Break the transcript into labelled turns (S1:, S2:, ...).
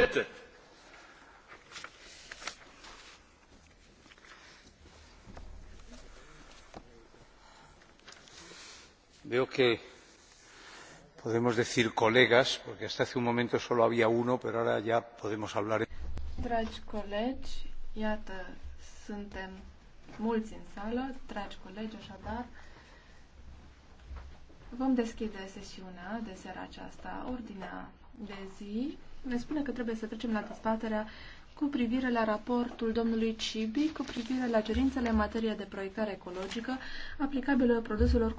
S1: bugete.
S2: Veo que podemos decir colegas, porque hasta hace un momento solo había uno, pero ahora ya podemos hablar.
S3: Dragi colegi, iată, suntem mulți în sală, dragi colegi, așadar, vom deschide sesiunea de seara aceasta, ordinea de zi ne spune că trebuie să trecem la dezbaterea cu privire la raportul domnului Cibi cu privire la cerințele în materie de proiectare ecologică
S4: aplicabilă produselor cu